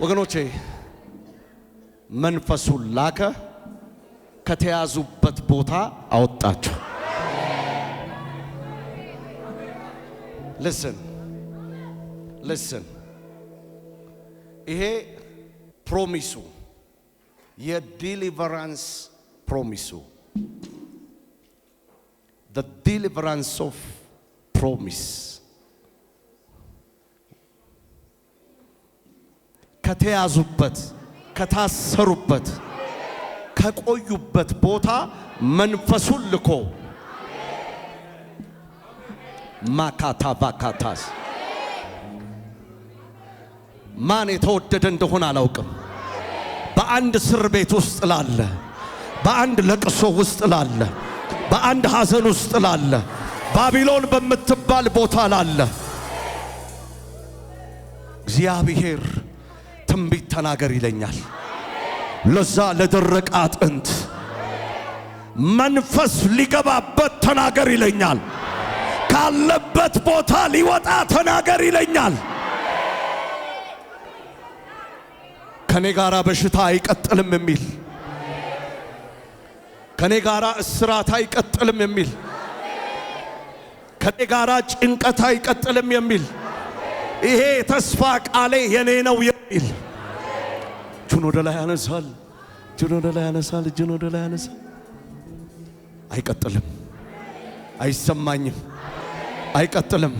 ወገኖቼ መንፈሱን ላከ፣ ከተያዙበት ቦታ አወጣቸው። ልስን ልስን ይሄ ፕሮሚሱ የዲሊቨራንስ ፕሮሚሱ ዲሊቨራንስ ኦፍ ፕሮሚስ ከተያዙበት፣ ከታሰሩበት፣ ከቆዩበት ቦታ መንፈሱን ልኮ ማካታ ባካታስ ማን የተወደደ እንደሆነ አላውቅም። በአንድ እስር ቤት ውስጥ ላለ፣ በአንድ ለቅሶ ውስጥ ላለ፣ በአንድ ሐዘን ውስጥ ላለ፣ ባቢሎን በምትባል ቦታ ላለ እግዚአብሔር ትንቢት ተናገር ይለኛል። ለዛ ለደረቀ አጥንት መንፈስ ሊገባበት ተናገር ይለኛል። ካለበት ቦታ ሊወጣ ተናገር ይለኛል። ከኔ ጋራ በሽታ አይቀጥልም የሚል ከኔ ጋራ እስራት አይቀጥልም የሚል ከኔ ጋር ጭንቀት አይቀጥልም የሚል ይሄ ተስፋ ቃሌ የኔ ነው የሚል እጁን ወደ ላይ ያነሳል። እጁን ወደ ላይ ያነሳል። እጁን ወደ ላይ ያነሳል። አይቀጥልም፣ አይሰማኝም፣ አይቀጥልም።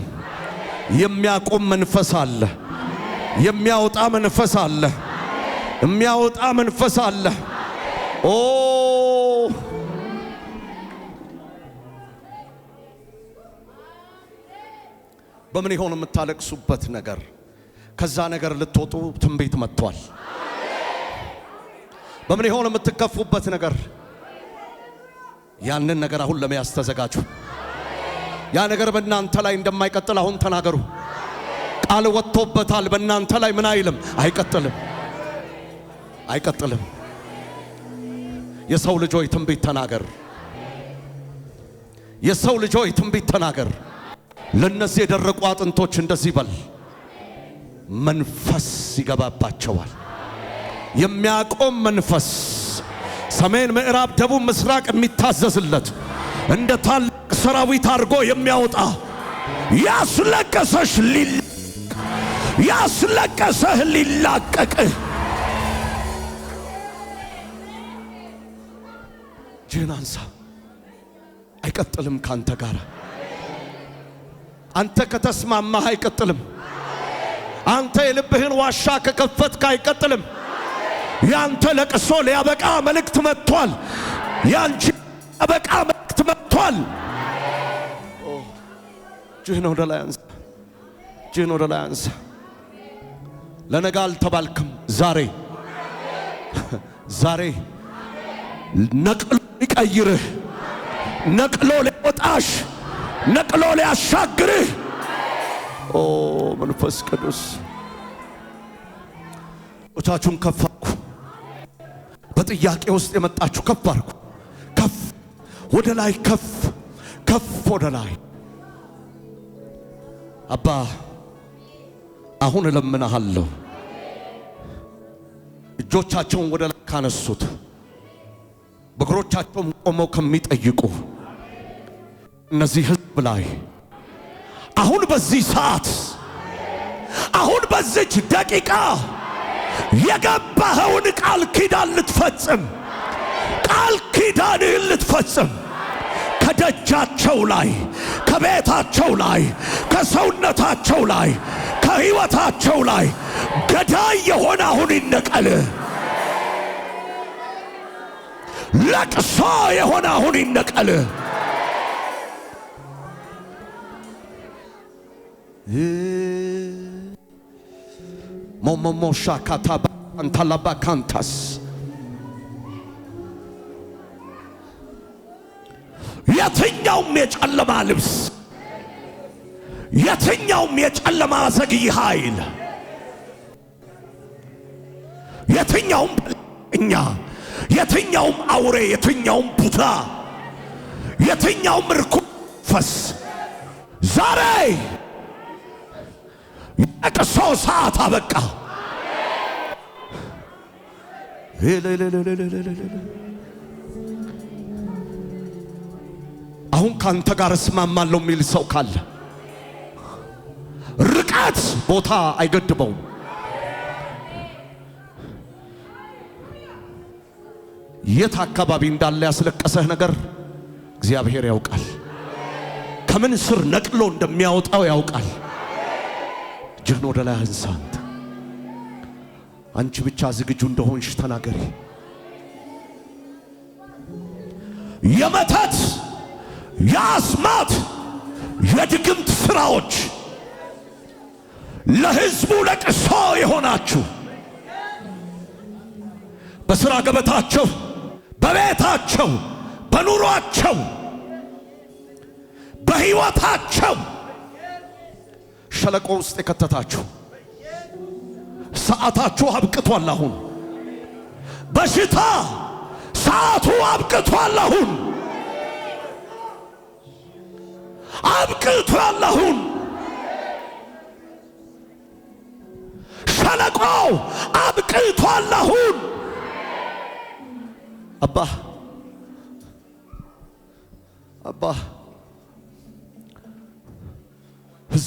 የሚያቆም መንፈስ አለ። የሚያወጣ መንፈስ አለ። የሚያወጣ መንፈስ አለ። ኦ በምን ይሆን የምታለቅሱበት ነገር? ከዛ ነገር ልትወጡ ትንቢት መጥቷል። በምን ይሆን የምትከፉበት ነገር? ያንን ነገር አሁን ለመያዝ ተዘጋጁ። ያ ነገር በእናንተ ላይ እንደማይቀጥል አሁን ተናገሩ። ቃል ወጥቶበታል። በእናንተ ላይ ምን አይልም፣ አይቀጥልም፣ አይቀጥልም። የሰው ልጅ ሆይ ትንቢት ተናገር። የሰው ልጅ ሆይ ትንቢት ተናገር። ለነዚህ የደረቁ አጥንቶች እንደዚህ በል፣ መንፈስ ይገባባቸዋል። የሚያቆም መንፈስ ሰሜን፣ ምዕራብ፣ ደቡብ፣ ምስራቅ የሚታዘዝለት እንደ ታላቅ ሰራዊት አድርጎ የሚያወጣ ያስለቀሰሽ ያስለቀሰህ ሊላቀቅህ ጅን አንሳ አይቀጥልም ካንተ ጋር አንተ ከተስማማህ አይቀጥልም። አንተ የልብህን ዋሻ ከከፈትክ አይቀጥልም። ያንተ ለቅሶ ሊያበቃ መልእክት መጥቷል። ያንቺ ሊያበቃ መልእክት መጥቷል። እጅህን ወደ ላይ አንሳ። እጅህን ወደ ላይ አንሳ። ለነገ አልተባልክም። ዛሬ ዛሬ ነቅሎ ሊቀይርህ ነቅሎ ሊያወጣሽ ነቅሎ ሊያሻግርህ ኦ መንፈስ ቅዱስ እጆቻችሁን ከፍ አድርጉ። በጥያቄ ውስጥ የመጣችሁ ከፍ አድርጉ። ከፍ ወደ ላይ ከፍ ከፍ ወደ ላይ አባ አሁን እለምናሃለሁ። እጆቻቸውን ወደ ላይ ካነሱት በእግሮቻቸውም ቆመው ከሚጠይቁ እነዚህ ብላይ አሁን በዚህ ሰዓት አሁን በዚች ደቂቃ የገባኸውን ቃል ኪዳን ልትፈጽም ቃል ኪዳንህን ልትፈጽም ከደጃቸው ላይ ከቤታቸው ላይ ከሰውነታቸው ላይ ከሕይወታቸው ላይ ገዳይ የሆነ አሁን ይነቀል። ለቅሶ የሆነ አሁን ይነቀል። ሞሞሞሻ ካታባ አንታላባ ካንታስ የትኛውም የጨለማ ልብስ የትኛውም የጨለማ ዘግይ ኃይል የትኛውም እኛ የትኛውም አውሬ የትኛውም ቡታ የትኛውም ርኩስ ፈስ ዛሬ ቀቅሶ ሰዓት አበቃ። አሁን ከአንተ ጋር እስማማለሁ የሚል ሰው ካለ ርቀት ቦታ አይገድበውም። የት አካባቢ እንዳለ ያስለቀሰህ ነገር እግዚአብሔር ያውቃል። ከምን ስር ነቅሎ እንደሚያወጣው ያውቃል። እጅህን ወደ ላይ አንሳ። አንተ አንቺ ብቻ ዝግጁ እንደሆንሽ ተናገሪ። የመተት የአስማት የድግምት ስራዎች ለህዝቡ ለቅሶ የሆናችሁ በስራ ገበታቸው፣ በቤታቸው፣ በኑሯቸው፣ በህይወታቸው። ሸለቆ ውስጥ የከተታችሁ። ሰዓታችሁ አብቅቷል። አሁን በሽታ ሰዓቱ አብቅቷል። አሁን አብቅቷል። አሁን ሸለቆው አብቅቷል። አሁን አባ አባ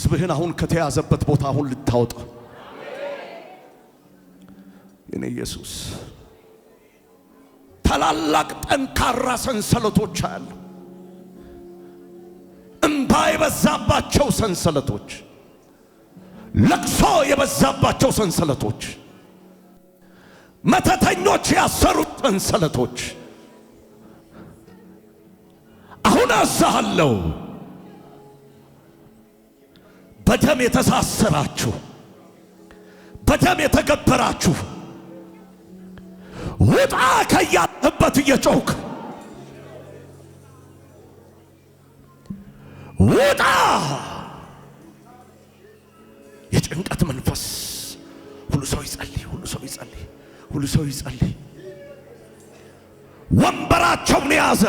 ህዝብህን አሁን ከተያዘበት ቦታ አሁን ልታወጣ የኔ ኢየሱስ ታላላቅ ጠንካራ ሰንሰለቶች አሉ። እንባ የበዛባቸው ሰንሰለቶች፣ ለቅሶ የበዛባቸው ሰንሰለቶች፣ መተተኞች ያሰሩት ሰንሰለቶች አሁን አዛሃለሁ። በደም የተሳሰራችሁ በደም የተገበራችሁ ውጣ ከያለህበት እየጮክ ውጣ የጭንቀት መንፈስ ሁሉ ሰው ይጸልይ፣ ሁሉ ሰው ይጸልይ፣ ሁሉ ሰው ይጸልይ። ወንበራቸውን የያዘ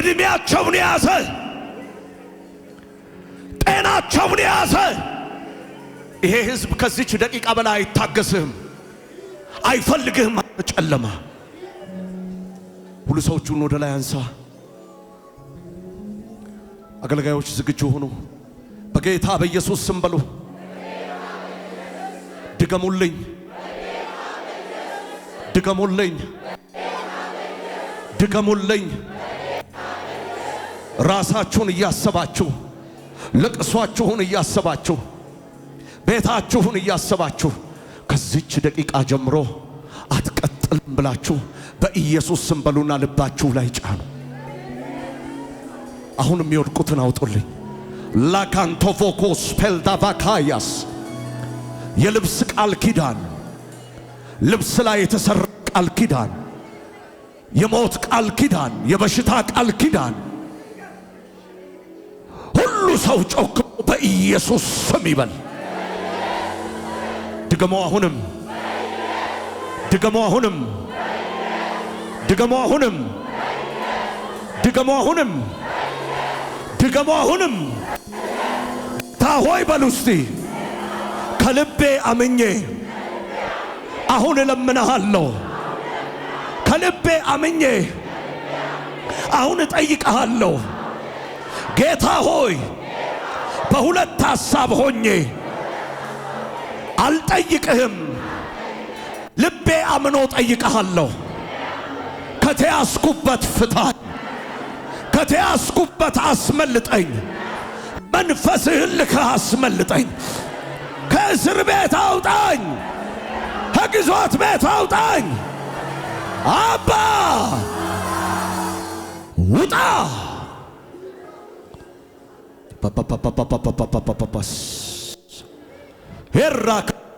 እድሜያቸውን የያዘ እግራቸውን የያዘ ይሄ ህዝብ ከዚች ደቂቃ በላይ አይታገስህም፣ አይፈልግህም። ጨለማ ሁሉ ሰዎቹን ወደ ላይ አንሳ። አገልጋዮች ዝግጁ ሆኑ። በጌታ በኢየሱስ ስም በሉ። ድገሙልኝ፣ ድገሙልኝ፣ ድገሙልኝ። ራሳችሁን እያሰባችሁ ልቅሷችሁን እያሰባችሁ ቤታችሁን እያሰባችሁ ከዚች ደቂቃ ጀምሮ አትቀጥልም ብላችሁ በኢየሱስ ስም በሉና ልባችሁ ላይ ጫኑ። አሁን የሚወድቁትን አውጡልኝ። ላካንቶፎኮስ ፔልዳቫካያስ የልብስ ቃል ኪዳን ልብስ ላይ የተሰራ ቃል ኪዳን፣ የሞት ቃል ኪዳን፣ የበሽታ ቃል ኪዳን ሰው ጮክ በኢየሱስ ስም ይበል። ድገሞ አሁንም ድገሞ አሁንም ድገሞ አሁንም ድገሞ አሁንም ድገሞ አሁንም ታሆይ በሉ እስቲ ከልቤ አምኜ አሁን እለምንሃለሁ። ከልቤ አምኜ አሁን እጠይቅሃለሁ ጌታ ሆይ በሁለት ሐሳብ ሆኜ አልጠይቅህም፣ ልቤ አምኖ ጠይቀሃለሁ። ከተያዝኩበት ፍታኝ፣ ከተያዝኩበት አስመልጠኝ፣ መንፈስህን ልከህ አስመልጠኝ፣ ከእስር ቤት አውጣኝ፣ ከግዞት ቤት አውጣኝ። አባ ውጣ ሄራ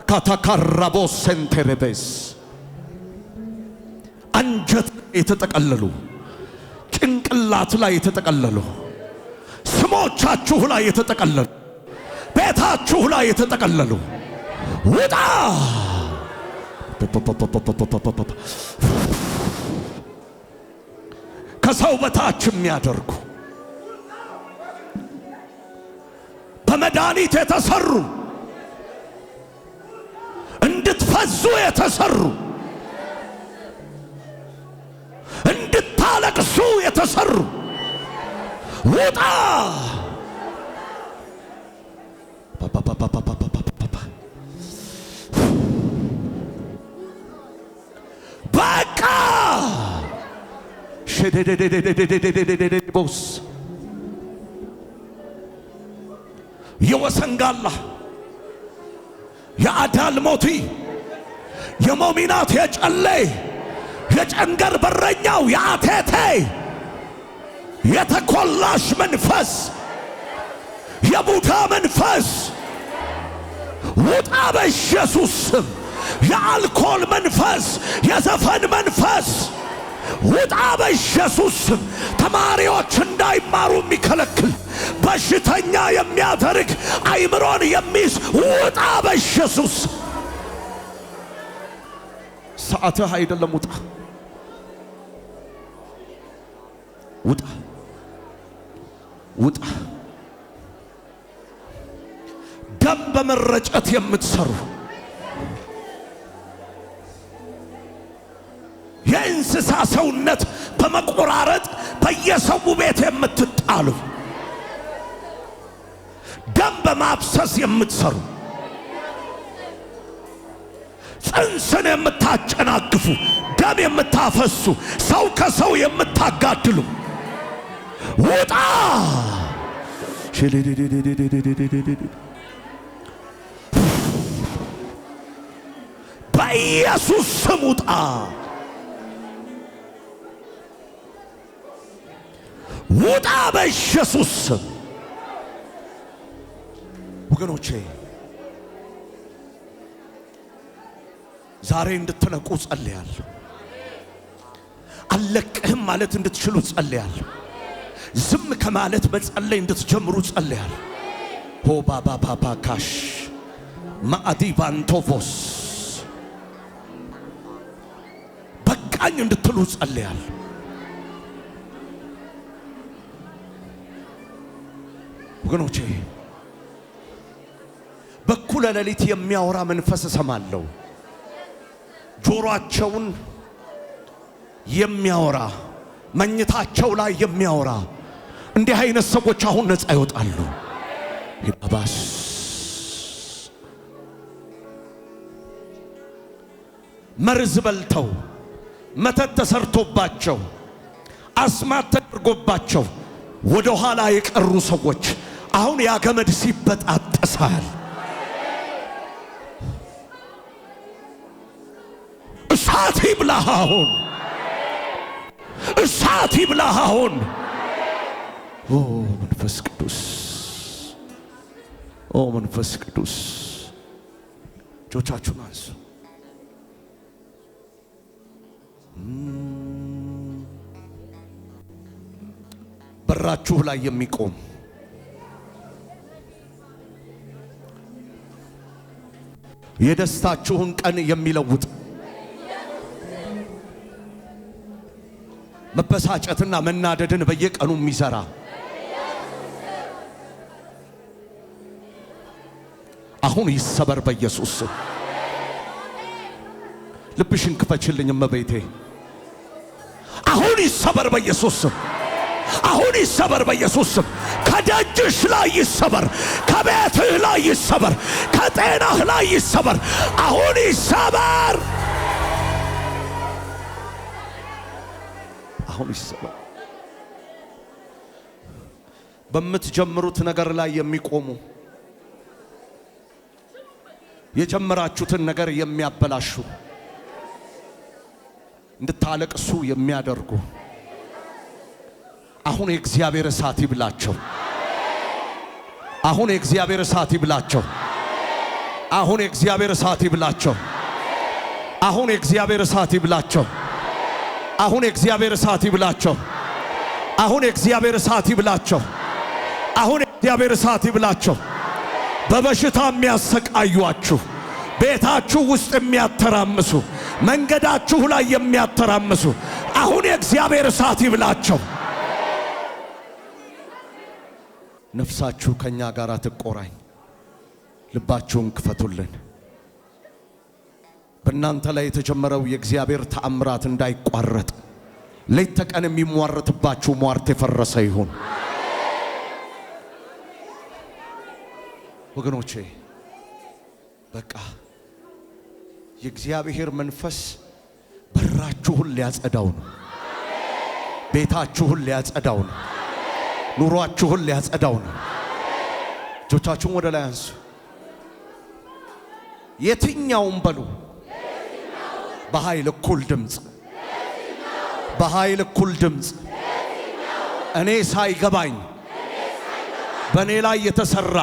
ካታካራቦ አንጀት የተጠቀለሉ ጭንቅላት ላይ የተጠቀለሉ ስሞቻችሁ ላይ የተጠቀለሉ ቤታችሁ ላይ የተጠቀለሉ ውጣ ከሰው በታች የሚያደርጉ ለመድኃኒት የተሰሩ እንድትፈዙ የተሰሩ እንድታለቅሱ የተሰሩ ውጣ በቃ ሸደደደደደደደደደደደቦስ የወሰንጋላ የአዳል ሞቲ የሞሚናት የጨሌ የጨንገር በረኛው የአቴቴ የተኮላሽ መንፈስ የቡዳ መንፈስ ውጣ በኢየሱስ ስም። የአልኮል መንፈስ የዘፈን መንፈስ ውጣ በኢየሱስ ተማሪዎች እንዳይማሩ የሚከለክል በሽተኛ የሚያደርግ አይምሮን የሚይዝ ውጣ በኢየሱስ ሰዓትህ አይደለም ውጣ ውጣ ውጣ ደም በመረጨት የምትሰሩ የእንስሳ ሰውነት በመቆራረጥ በየሰው ቤት የምትጣሉ ደም በማብሰስ የምትሰሩ ጽንስን የምታጨናግፉ ደም የምታፈሱ ሰው ከሰው የምታጋድሉ ውጣ! በኢየሱስ ስም ውጣ! ውጣ በኢየሱስ ወገኖቼ ዛሬ እንድትነቁ ጸልያለሁ። አለቅህም ማለት እንድትችሉ ጸልያለሁ። ዝም ከማለት መጸለይ እንድትጀምሩ ጸልያለሁ። ሆ ባባባካሽ ማአዲ ቫንቶቮስ በቃኝ እንድትሉ ጸልያለሁ። ወገኖቼ በኩለ ሌሊት የሚያወራ መንፈስ እሰማለሁ። ጆሮአቸውን የሚያወራ መኝታቸው ላይ የሚያወራ እንዲህ አይነት ሰዎች አሁን ነፃ ይወጣሉ። ባስ መርዝ በልተው መተት ተሰርቶባቸው አስማት ተደርጎባቸው ወደ ኋላ የቀሩ ሰዎች አሁን ያ ገመድ ሲበጣጠሳል። እሳት ይብላህ አሁን፣ እሳት ይብላህ አሁን። ኦ መንፈስ ቅዱስ፣ ኦ መንፈስ ቅዱስ፣ እጆቻችሁን አንሱ። በራችሁ ላይ የሚቆም የደስታችሁን ቀን የሚለውጥ መበሳጨትና መናደድን በየቀኑ የሚሰራ አሁን ይሰበር በኢየሱስ ልብሽን ክፈችልኝ እመቤቴ። አሁን ይሰበር በኢየሱስ አሁን ይሰበር በኢየሱስ ስም። ከደጅሽ ላይ ይሰበር። ከቤትህ ላይ ይሰበር፣ ከጤናህ ላይ ይሰበር፣ አሁን ይሰበር፣ አሁን ይሰበር። በምትጀምሩት ነገር ላይ የሚቆሙ የጀመራችሁትን ነገር የሚያበላሹ እንድታለቅሱ የሚያደርጉ አሁን የእግዚአብሔር እሳት ይብላቸው። አሁን የእግዚአብሔር እሳት ይብላቸው። አሁን የእግዚአብሔር እሳት ይብላቸው። አሁን የእግዚአብሔር እሳት ይብላቸው። አሁን የእግዚአብሔር እሳት ይብላቸው። አሁን የእግዚአብሔር እሳት ይብላቸው። አሁን የእግዚአብሔር እሳት ይብላቸው። በበሽታ የሚያሰቃዩአችሁ፣ ቤታችሁ ውስጥ የሚያተራምሱ፣ መንገዳችሁ ላይ የሚያተራምሱ አሁን የእግዚአብሔር እሳት ይብላቸው። ነፍሳችሁ ከእኛ ጋር ትቆራኝ። ልባችሁን ክፈቱልን። በእናንተ ላይ የተጀመረው የእግዚአብሔር ተአምራት እንዳይቋረጥ ሌት ተቀን የሚሟረትባችሁ ሟርት የፈረሰ ይሁን። ወገኖቼ በቃ የእግዚአብሔር መንፈስ በራችሁን ሊያጸዳው ነው። ቤታችሁን ሊያጸዳው ነው። ኑሯችሁን ሊያጸዳው ነው። እጆቻችሁን ወደ ላይ አንሱ። የትኛውም በሉ በኃይል እኩል ድምፅ፣ በኃይል እኩል ድምፅ። እኔ ሳይገባኝ በእኔ ላይ የተሰራ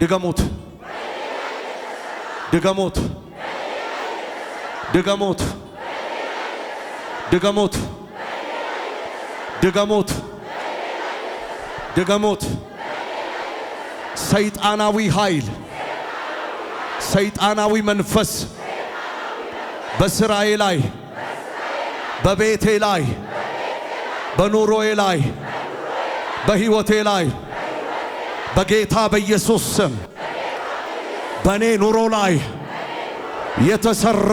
ድገሙት፣ ድገሙት፣ ድገሙት፣ ድገሙት ድገሙት፣ ድገሙት። ሰይጣናዊ ኃይል፣ ሰይጣናዊ መንፈስ በስራዬ ላይ፣ በቤቴ ላይ፣ በኑሮዬ ላይ፣ በሕይወቴ ላይ በጌታ በኢየሱስ ስም በእኔ ኑሮ ላይ የተሰራ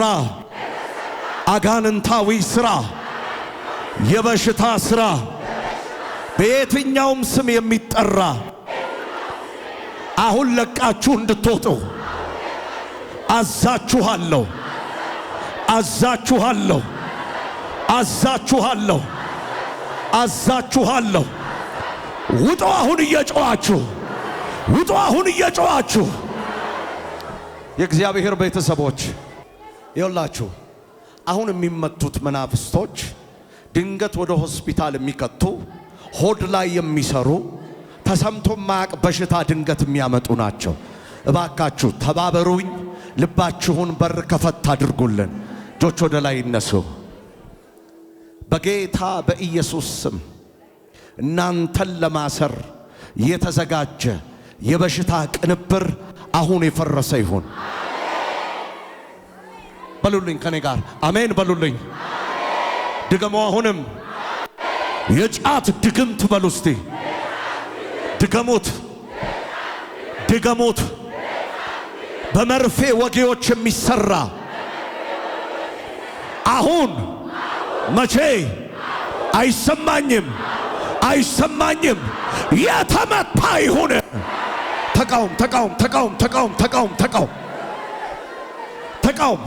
አጋንንታዊ ሥራ የበሽታ ስራ በየትኛውም ስም የሚጠራ አሁን ለቃችሁ እንድትወጡ አዛችኋለሁ፣ አዛችኋለሁ፣ አዛችኋለሁ፣ አዛችኋለሁ። ውጡ! አሁን እየጮኋችሁ ውጡ! አሁን እየጮኋችሁ የእግዚአብሔር ቤተሰቦች ይውላችሁ አሁን የሚመቱት መናፍስቶች ድንገት ወደ ሆስፒታል የሚከቱ ሆድ ላይ የሚሰሩ ተሰምቶ ማያቅ በሽታ ድንገት የሚያመጡ ናቸው። እባካችሁ ተባበሩኝ። ልባችሁን በር ከፈት አድርጉልን። እጆች ወደ ላይ ይነሱ። በጌታ በኢየሱስ ስም እናንተን ለማሰር የተዘጋጀ የበሽታ ቅንብር አሁን የፈረሰ ይሁን በሉልኝ። ከኔ ጋር አሜን በሉልኝ። ድገሞ አሁንም የጫት ድግምት በሉ እስቲ ድገሙት፣ ድገሙት። በመርፌ ወጌዎች የሚሰራ አሁን መቼ አይሰማኝም፣ አይሰማኝም። የተመታ ይሁን። ተቃውም፣ ተቃውም፣ ተቃውም፣ ተቃውም፣ ተቃውም፣ ተቃውም፣ ተቃውም፣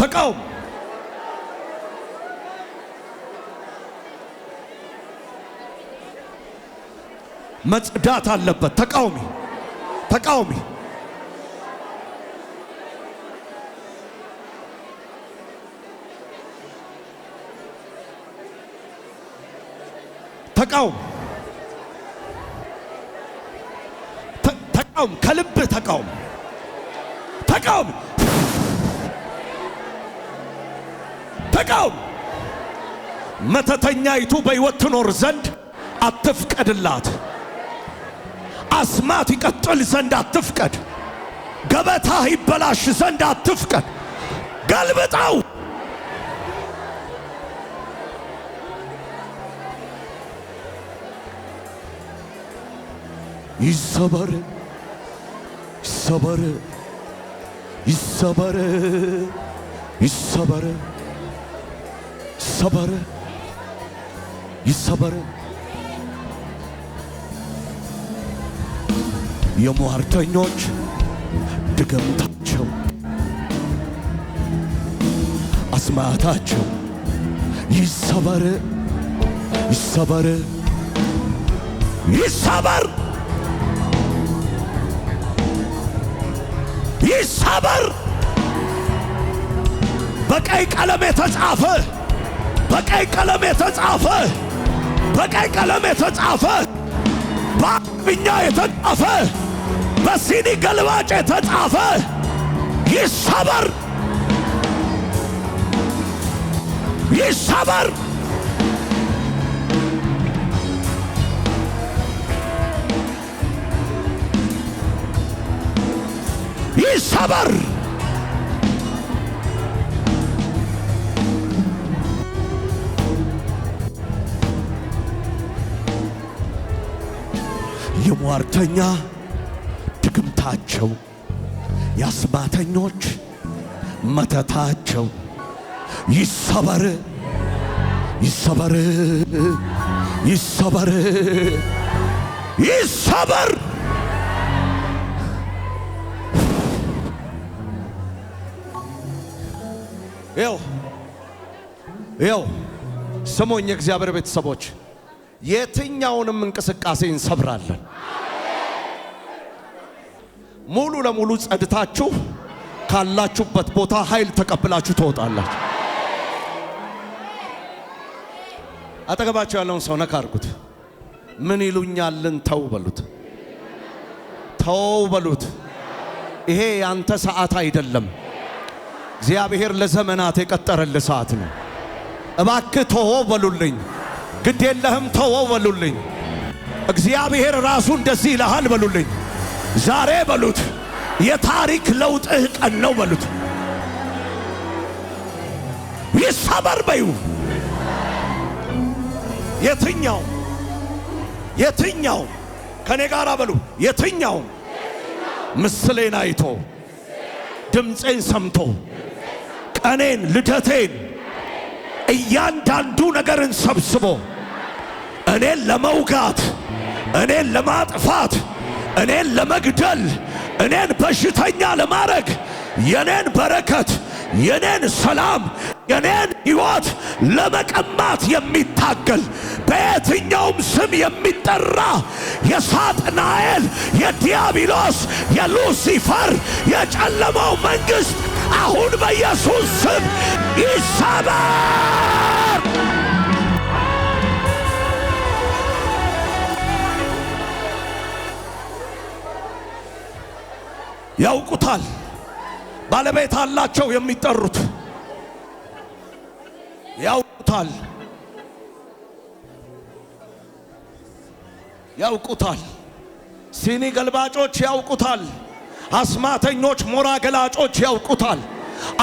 ተቃውም መጽዳት አለበት። ተቃውሚ ተቃውሚ ተቃውም ተቃውም ከልብ ተቃውም ተቃውም ተቃውም። መተተኛይቱ በሕይወት ትኖር ዘንድ አትፍቀድላት። አስማት ይቀጥል ዘንድ አትፍቀድ። ገበታ ይበላሽ ዘንድ አትፍቀድ። ገልብጠው። ይሰበር፣ ይሰበር፣ ይሰበር፣ ይሰበር፣ ይሰበር፣ ይሰበር የሟርተኞች ድግምታቸው፣ አስማታቸው ይሰበር፣ ይሰበር፣ ይሰበር፣ ይሰበር። በቀይ ቀለም የተጻፈ በቀይ ቀለም የተጻፈ በቀይ ቀለም የተጻፈ በአረብኛ የተጻፈ በሲኒ ገልባጭ የተጻፈ ይሰበር፣ ይሰበር። ይሰበር። የሟርተኛ መተታቸው፣ የአስማተኞች መተታቸው ይሰበር፣ ይሰበር፣ ይሰበር፣ ይሰበር። ይው ስሙኝ፣ የእግዚአብሔር ቤተሰቦች የትኛውንም እንቅስቃሴ እንሰብራለን። ሙሉ ለሙሉ ጸድታችሁ ካላችሁበት ቦታ ኃይል ተቀብላችሁ ትወጣላችሁ። አጠገባቸው ያለውን ሰው ነካ አርጉት። ምን ይሉኛልን? ተው በሉት፣ ተው በሉት። ይሄ ያንተ ሰዓት አይደለም። እግዚአብሔር ለዘመናት የቀጠረልህ ሰዓት ነው። እባክህ ተወው በሉልኝ። ግድ የለህም ተወው በሉልኝ። እግዚአብሔር ራሱ እንደዚህ ይልሃል በሉልኝ። ዛሬ በሉት የታሪክ ለውጥህ ቀን ነው በሉት። ይሰበር በዩ የትኛው የትኛው ከኔ ጋር በሉ የትኛው ምስሌን አይቶ ድምፄን ሰምቶ ቀኔን ልደቴን እያንዳንዱ ነገርን ሰብስቦ እኔን ለመውጋት እኔን ለማጥፋት እኔን ለመግደል እኔን በሽተኛ ለማድረግ የኔን በረከት የኔን ሰላም የኔን ሕይወት ለመቀማት የሚታገል በየትኛውም ስም የሚጠራ የሳጥናኤል፣ የዲያብሎስ፣ የሉሲፈር የጨለማው መንግሥት አሁን በኢየሱስ ስም ይሰበር። ያውቁታል። ባለቤት አላቸው የሚጠሩት ያውቁታል ያውቁታል። ሲኒ ገልባጮች ያውቁታል። አስማተኞች፣ ሞራ ገላጮች ያውቁታል።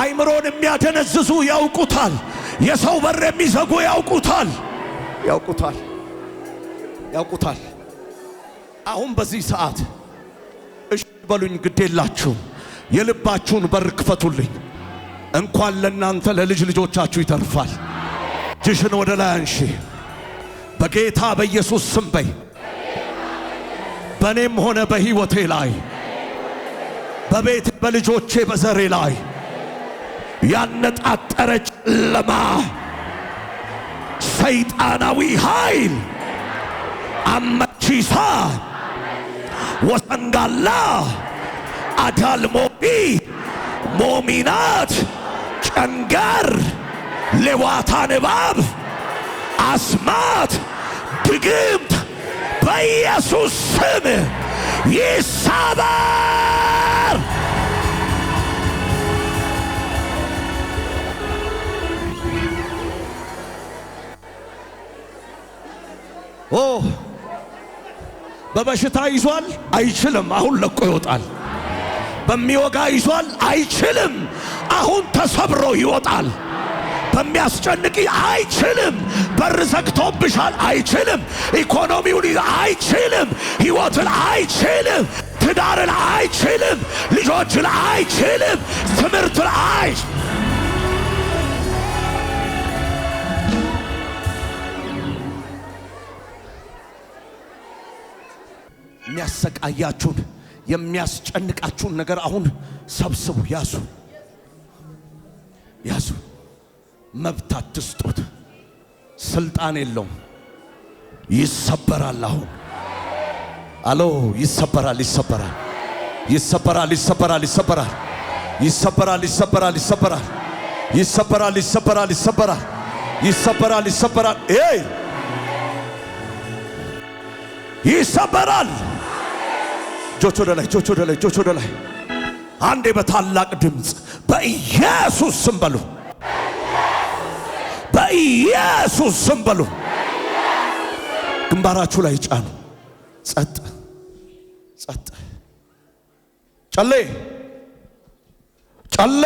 አይምሮን የሚያደነዝዙ ያውቁታል። የሰው በር የሚዘጉ ያውቁታል ያውቁታል ያውቁታል። አሁን በዚህ ሰዓት በሉኝ፣ ግድ የላችሁ። የልባችሁን በር ክፈቱልኝ። እንኳን ለእናንተ ለልጅ ልጆቻችሁ ይተርፋል። እጅሽን ወደ ላይ አንሺ። በጌታ በኢየሱስ ስም በይ። በእኔም ሆነ በሕይወቴ ላይ በቤቴ በልጆቼ በዘሬ ላይ ያነጣጠረ ጨለማ ሰይጣናዊ ኃይል አመቺሳ ወሰንጋላ አዳል ሞቢ ሞሚናት ጨንገር ሌዋታ ንባብ አስማት ድግምት በኢየሱስ ስም ይሳበር። ኦ በበሽታ ይዟል፣ አይችልም። አሁን ለቆ ይወጣል። በሚወጋ ይዟል፣ አይችልም። አሁን ተሰብሮ ይወጣል። በሚያስጨንቂ አይችልም። በር ዘግቶብሻል፣ አይችልም። ኢኮኖሚውን አይችልም። ሕይወትን አይችልም። ትዳርን አይችልም። ልጆችን አይችልም። ትምህርትን አይችልም። የሚያሰቃያችሁን የሚያስጨንቃችሁን ነገር አሁን ሰብስቡ፣ ያዙ፣ ያዙ። መብት አትስጡት። ስልጣን የለውም። ይሰበራል። አሁን አሎ ይሰበራል፣ ይሰበራል፣ ይሰበራል፣ ይሰበራል፣ ይሰበራል፣ ይሰበራል፣ ይሰበራል፣ ይሰበራል፣ ይሰበራል፣ ይሰበራል፣ ይሰበራል፣ ይሰበራል፣ ይሰበራል፣ ይሰበራል እጆች ወደ ላይ፣ እጆች ወደ ላይ፣ እጆች ወደ ላይ። አንዴ በታላቅ ድምፅ በኢየሱስ ስም በሉ፣ በኢየሱስ ስም በሉ። ግንባራችሁ ላይ ጫኑ። ጸጥ ጸጥ። ጨሌ ጨሌ፣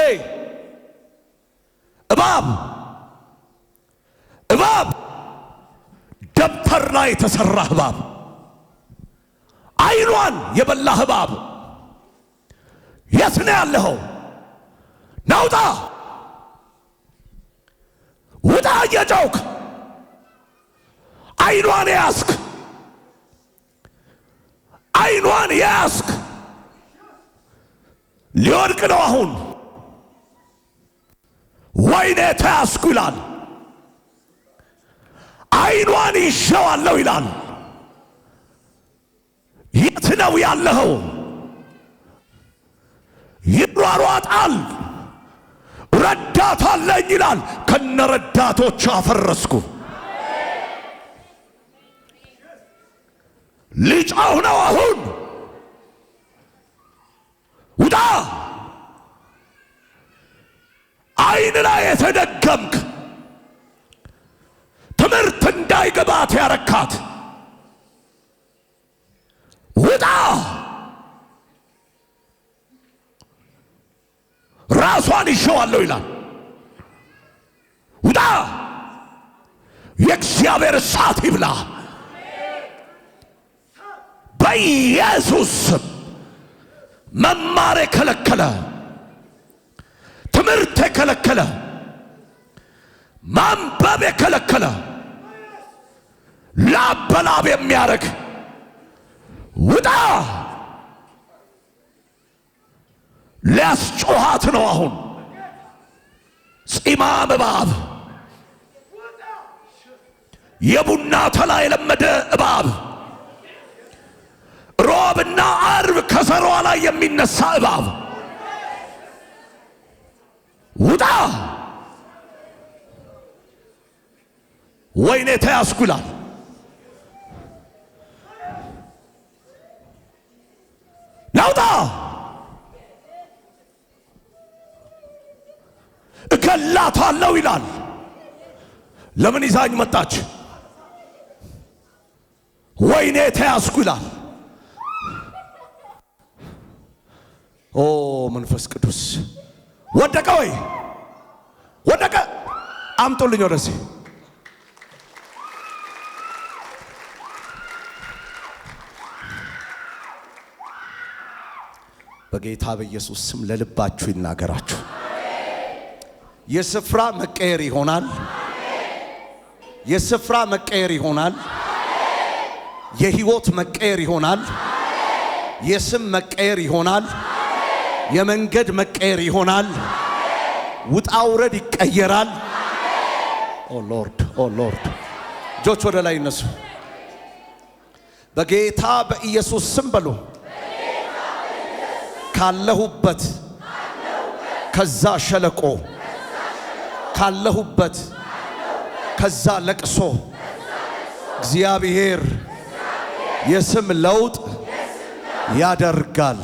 እባብ እባብ፣ ደብተር ላይ የተሰራ እባብ አይኗን የበላ ህባብ የት ነው ያለኸው? ናውጣ ውጣ እየጮክ አይኗን የያዝክ አይኗን ያስክ ሊወድቅ ነው አሁን። ወይኔ ተያዝኩ ይላል። አይኗን ይሸዋለሁ ይላል። የት ነው ያለኸው? ይሯሯጣል ረዳት አለኝ ይላል። ከነ ረዳቶች አፈረስኩ። ልጫው ነው አሁን ውጣ። አይን ላይ የተደገምክ ትምህርት እንዳይገባት ያረካት ውጣ። ራሷን ይሸዋለሁ ይላል። ውጣ፣ የእግዚአብሔር እሳት ይብላ በኢየሱስ መማር የከለከለ ትምህርት የከለከለ ማንበብ የከለከለ ላብ በላብ የሚያደርግ ውጣ ሊያስጮኋት ነው። አሁን ጺማም እባብ የቡና ተላ የለመደ እባብ ሮብና አርብ ከሰሯ ላይ የሚነሳ እባብ ውጣ ወይኔ ተያስጉላል ነው ይላል። ለምን ይዛኝ መጣች? ወይኔ ተያዝኩ ይላል። ኦ መንፈስ ቅዱስ ወደቀ፣ ወይ ወደቀ። አምጦልኝ ወደዚህ በጌታ በኢየሱስ ስም ለልባችሁ ይናገራችሁ። የስፍራ መቀየር ይሆናል። የስፍራ መቀየር ይሆናል። የህይወት መቀየር ይሆናል። የስም መቀየር ይሆናል። የመንገድ መቀየር ይሆናል። ውጣ ውረድ ይቀየራል። ኦ ሎርድ ኦ ሎርድ፣ እጆች ወደ ላይ ይነሱ። በጌታ በኢየሱስ ስም በሉ። ካለሁበት ከዛ ሸለቆ ካለሁበት ከዛ ለቅሶ እግዚአብሔር የስም ለውጥ ያደርጋል።